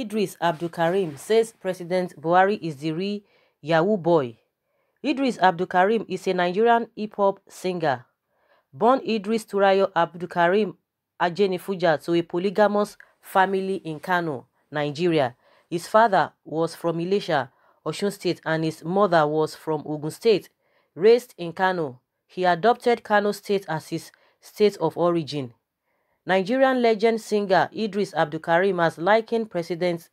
Idris Abdul Karim says President Buhari is the real Yahoo boy. Idris Abdul Karim is a Nigerian hip-hop singer. Born Idris Turayo Abdul Karim Ajenifuja to a polygamous family in Kano, Nigeria. His father was from Ilesha, Oshun State, and his mother was from Ogun State. Raised in Kano, he adopted Kano State as his state of origin. Nigerian legend singer Idris Abdulkarim has likened President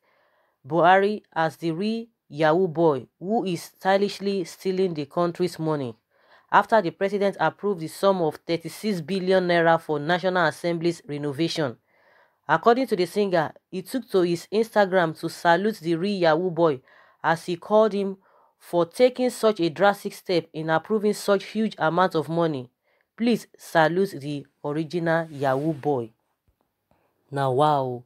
Buhari as the real Yahoo boy who is stylishly stealing the country's money. After the president approved the sum of 36 billion naira for National Assembly's renovation. According to the singer, he took to his Instagram to salute the real Yahoo boy as he called him for taking such a drastic step in approving such huge amount of money. Please salute the original Yahoo boy. Now wow,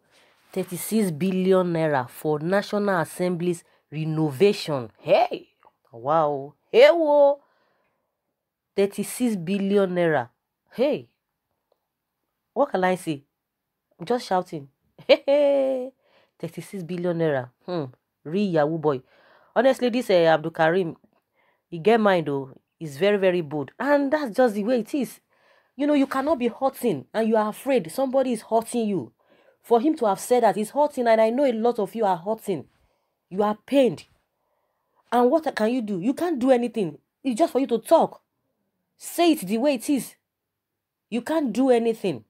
36 billion naira for National Assembly's renovation. Hey, wow, hey wo, 36 billion naira. Hey, what can I say? I'm just shouting. Hey, hey. 36 billion naira. Hmm, real Yahoo boy. Honestly, this uh, eh, Abdul Karim, he get mine though is very, very bold. And that's just the way it is. You know, you cannot be hurting and you are afraid somebody is hurting you. For him to have said that he's hurting, and I know a lot of you are hurting. You are pained. And what can you do? You can't do anything. It's just for you to talk. Say it the way it is. You can't do anything.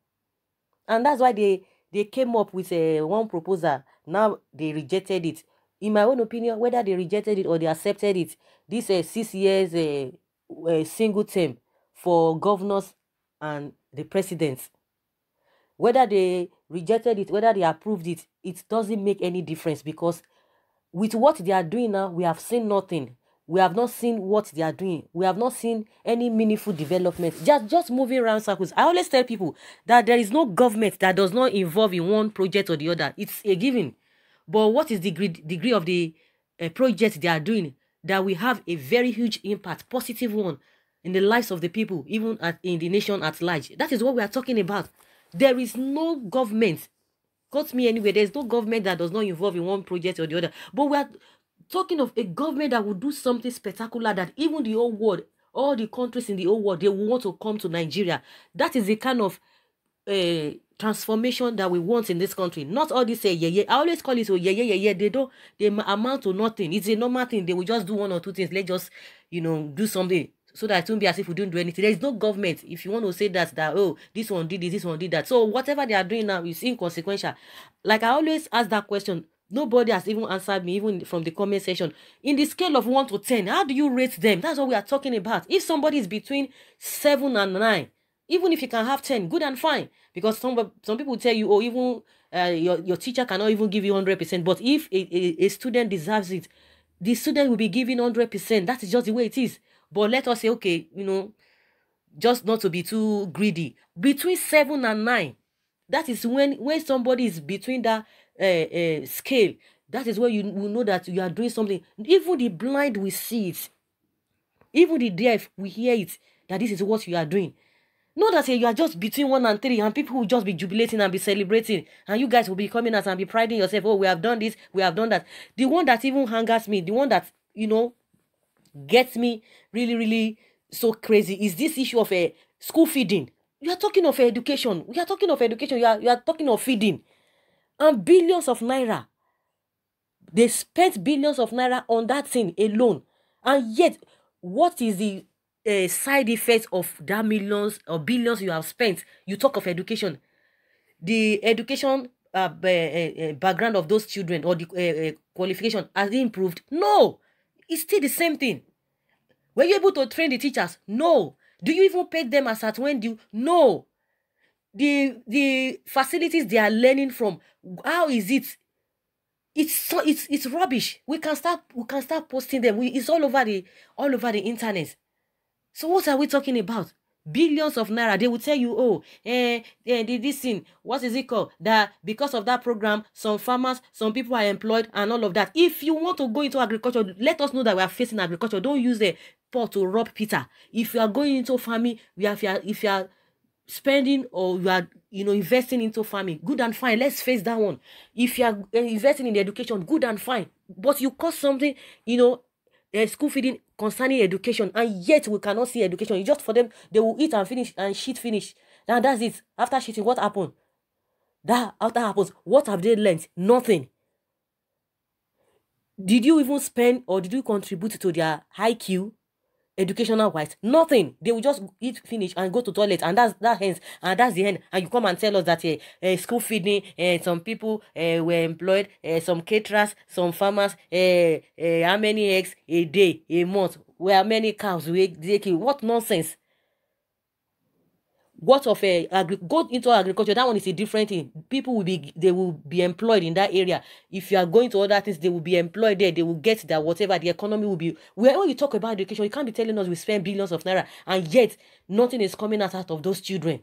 And that's why they, they came up with a, eh, one proposal. Now they rejected it in my own opinion, whether they rejected it or they accepted it, this uh, six years uh, a eh, single term for governors and the presidents. Whether they rejected it, whether they approved it, it doesn't make any difference because with what they are doing now, we have seen nothing. We have not seen what they are doing. We have not seen any meaningful development. Just, just moving around circles. I always tell people that there is no government that does not involve in one project or the other. It's a given. But what is the degree, degree of the uh, project they are doing? that will have a very huge impact, positive one, in the lives of the people, even at, in the nation at large. That is what we are talking about. There is no government, cut me anywhere, there is no government that does not involve in one project or the other. But we are talking of a government that will do something spectacular that even the whole world, all the countries in the whole world, they want to come to Nigeria. That is the kind of uh, transformation that we want in this country. Not all this say yeah yeah. I always call it so yeah yeah yeah yeah. They don't they amount to nothing. It's a normal thing. They will just do one or two things. Let's just you know do something so that it won't be as if we don't do anything. There is no government. If you want to say that that oh this one did this, this one did that. So whatever they are doing now is inconsequential. Like I always ask that question. Nobody has even answered me, even from the comment section. In the scale of 1 to 10, how do you rate them? That's what we are talking about. If somebody is between 7 and 9, even if you can have 10 good and fine because some some people tell you oh even uh, your, your teacher cannot even give you 100% but if a, a, a student deserves it the student will be given 100% that is just the way it is but let us say okay you know just not to be too greedy between 7 and 9 that is when when somebody is between that uh, uh, scale that is where you will know that you are doing something even the blind will see it even the deaf will hear it that this is what you are doing Not that you are just between one and three, and people will just be jubilating and be celebrating, and you guys will be coming out and be priding yourself. Oh, we have done this, we have done that. The one that even hangers me, the one that you know gets me really, really so crazy is this issue of a uh, eh, school feeding. You are talking of education. We are talking of education. You are, you are talking of feeding, and billions of naira. They spent billions of naira on that thing alone, and yet, what is the uh, side effects of that millions or billions you have spent you talk of education the education uh, uh, uh, background of those children or the eh, qualification has it improved no it's still the same thing were you able to train the teachers no do you even pay them as at when do no the the facilities they are learning from how is it it's so it's it's rubbish we can start we can start posting them we, it's all over the all over the internet So what are we talking about? Billions of naira. They will tell you, oh, eh, eh, this thing, what is it called? That because of that program, some farmers, some people are employed and all of that. If you want to go into agriculture, let us know that we are facing agriculture. Don't use the pot to rob Peter. If you are going into farming, we are, if you are, if you are spending or you are you know investing into farming good and fine let's face that one if you are eh, investing in education good and fine but you cause something you know There eh, school feeding concerning education, and yet we cannot see education. It's just for them, they will eat and finish and shit finish. And that's it. After shitting, what happened? That after happens, what have they learned? Nothing. Did you even spend or did you contribute to their high IQ? educational wise nothing they will just eat finish and go to toilet and that's that ends and that's the end and you come and tell us that uh, uh, school feeding uh, eh, some people uh, were employed uh, some caterers some farmers uh, uh, how many eggs a day a month where many cows we they what nonsense what of a eh, agri- go into agriculture that one is a different thing people will be they will be employed in that area if you are going to other things they will be employed there they will get that whatever the economy will be where when you talk about education you can't be telling us we spend billions of naira and yet nothing is coming out, out of those children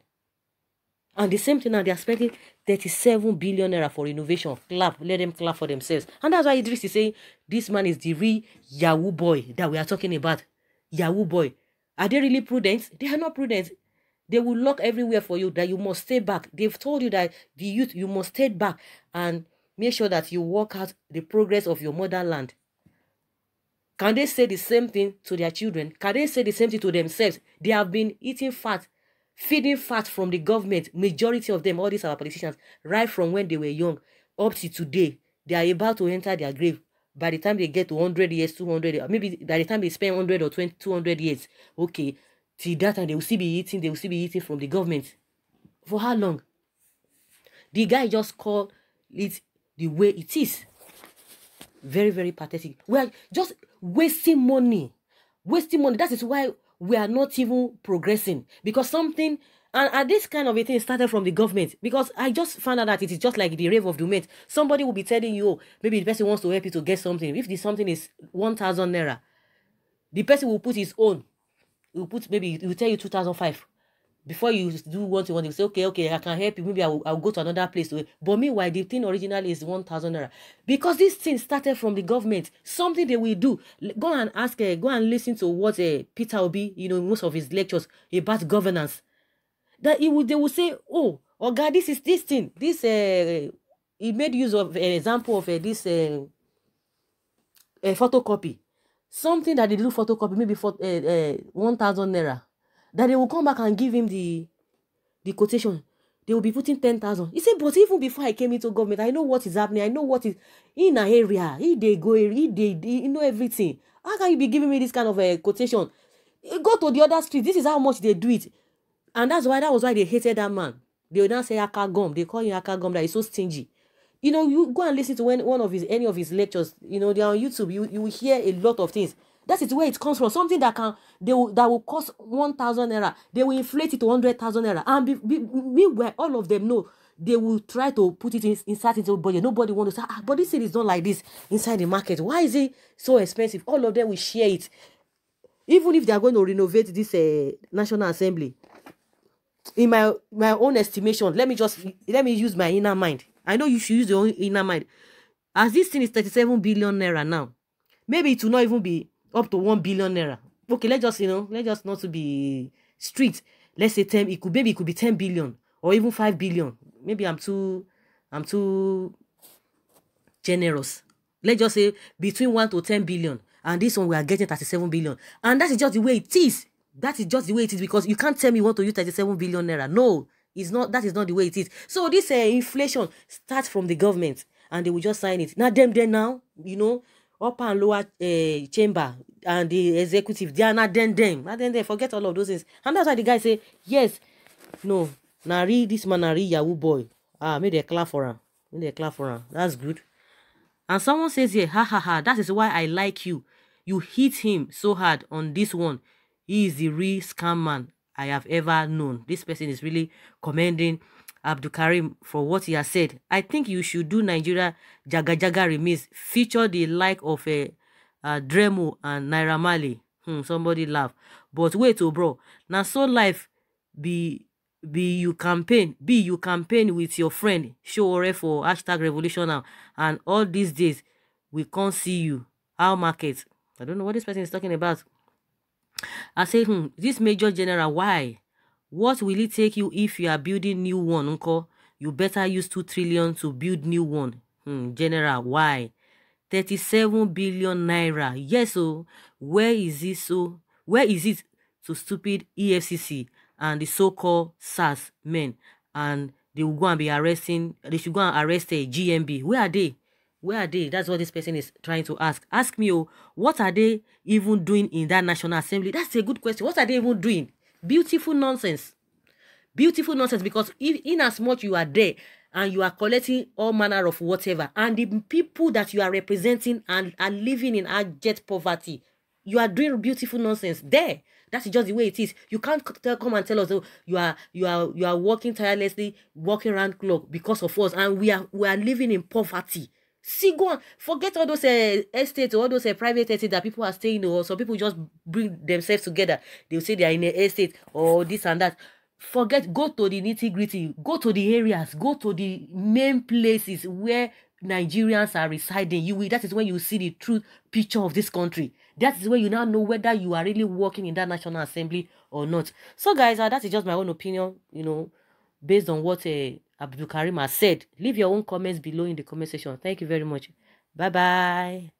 and the same thing now they are spending 37 billion naira for innovation clap let them clap for themselves and that's why idris is saying this man is the real yahoo boy that we are talking about yahoo boy are they really prudent they are not prudent They will lock everywhere for you that you must stay back. They've told you that the youth, you must stay back and make sure that you work out the progress of your motherland. Can they say the same thing to their children? Can they say the same thing to themselves? They have been eating fat, feeding fat from the government, majority of them, all these our politicians, right from when they were young up to today. They are about to enter their grave. By the time they get to 100 years, 200, maybe by the time they spend 100 or 20, 200 years, okay, Till that time, they will still be eating, they will still be eating from the government. For how long? The guy just called it the way it is. Very, very pathetic. We are just wasting money. Wasting money. That is why we are not even progressing. Because something and, and this kind of a thing started from the government because I just found out that it is just like the rave of the moment. Somebody will be telling you, oh, maybe the person wants to help you to get something. If the something is one thousand naira, the person will put his own you put maybe you tell you two thousand five before you do what you want you say okay okay i can help you maybe i will, I will go to another place but meanwhile the thing originally is one thousand naira because this thing started from the government something they will do go and ask uh, go and listen to what uh, peter obi you know most of his lectures about governance that he will. they will say oh oh God, this is this thing this uh, he made use of an example of uh, this uh, uh, photocopy something that they do photocopy maybe for uh, uh, 1000 naira that they will come back and give him the the quotation they will be putting 10,000 he said but even before i came into government i know what is happening i know what is in an area he they go he they he know everything how can you be giving me this kind of a uh, eh, quotation go to the other street this is how much they do it and that's why that was why they hated that man they would now say Akagom. they call him Akagom. that is so stingy you know you go and listen to when, one of his any of his lectures you know they are on youtube you you will hear a lot of things that is where it comes from something that can they will that will cost one thousand naira they will inflate it to hundred thousand naira and be, be, meanwhile all of them know they will try to put it in, inside into budget nobody want to say ah but this thing is not like this inside the market why is it so expensive all of them will share it even if they are going to renovate this uh, national assembly in my my own estimation let me just let me use my inner mind I know you should use your own inner mind. As this thing is 37 billion naira now, maybe it will not even be up to 1 billion naira. Okay, let's just, you know, let's just not to be strict. Let's say 10, it could, maybe it could be 10 billion or even 5 billion. Maybe I'm too, I'm too generous. Let's just say between 1 to 10 billion. And this one, we are getting 37 billion. And that is just the way it is. That is just the way it is because you can't tell me what to use 37 billion naira. No, Is not that is not the way it is. So this uh, inflation starts from the government, and they will just sign it. Now them there now, you know, upper and lower uh, chamber and the executive, they are not them them. Not them they Forget all of those things. And that's why the guy say yes, no, Nari this man Nari Yahoo boy. Ah, made a clap for him. Made a clap for him. That's good. And someone says here, ha ha ha. That is why I like you. You hit him so hard on this one. He is the real scam man I have ever known. This person is really commending Abdul Karim for what he has said. I think you should do Nigeria Jaga Jaga remix, feature the like of a eh, uh, Dremo and Naira Marley. Hmm, somebody laugh. But wait, oh bro, now so life be be you campaign, be you campaign with your friend Show Showore for hashtag revolution now, and all these days we can't see you. Our market. I don't know what this person is talking about. I say, hmm, this major general, why? What will it take you if you are building new one, uncle? You better use 2 trillion to build new one. Hmm, general, why? 37 billion naira. Yes, so oh. where is it so? Where is it to stupid EFCC and the so-called SAS men? And they will go and be arresting, they should go and arrest a eh, GMB. Where are they? Where are they? That's what this person is trying to ask. Ask me, oh, what are they even doing in that National Assembly? That's a good question. What are they even doing? Beautiful nonsense. Beautiful nonsense because if, in as much you are there and you are collecting all manner of whatever and the people that you are representing and are living in abject poverty, you are doing beautiful nonsense there that's just the way it is you can't tell, come and tell us oh, you are you are you are working tirelessly working around clock because of us and we are we are living in poverty See, go on. Forget all those uh, eh, estates, or all those uh, private estates that people are staying, or some people just bring themselves together. They say they are in an estate or this and that. Forget, go to the nitty gritty, go to the areas, go to the main places where Nigerians are residing. You will, that is when you see the true picture of this country. That is where you now know whether you are really working in that National Assembly or not. So, guys, uh, that is just my own opinion, you know, based on what a uh, eh, Abdul Karim has said. Leave your own comments below in the comment section. Thank you very much. Bye bye.